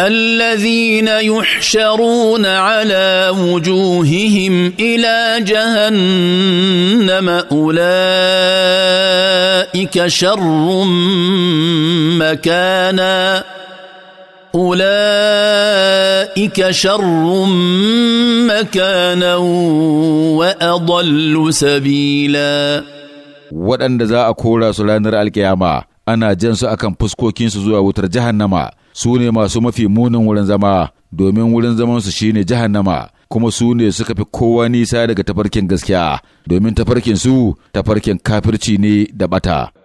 الذين يحشرون على وجوههم الى جهنم اولئك شر مكانا اولئك شر مكانا واضل سبيلا وان ذا اقول رسول الله القيامه انا جنس اكن فسكوكين سوى وتر جهنم su ne masu mafi munin wurin zama domin wurin zamansu shine jahannama kuma su ne suka fi kowa nisa daga tafarkin gaskiya domin tafarkin su tafarkin kafirci ne da bata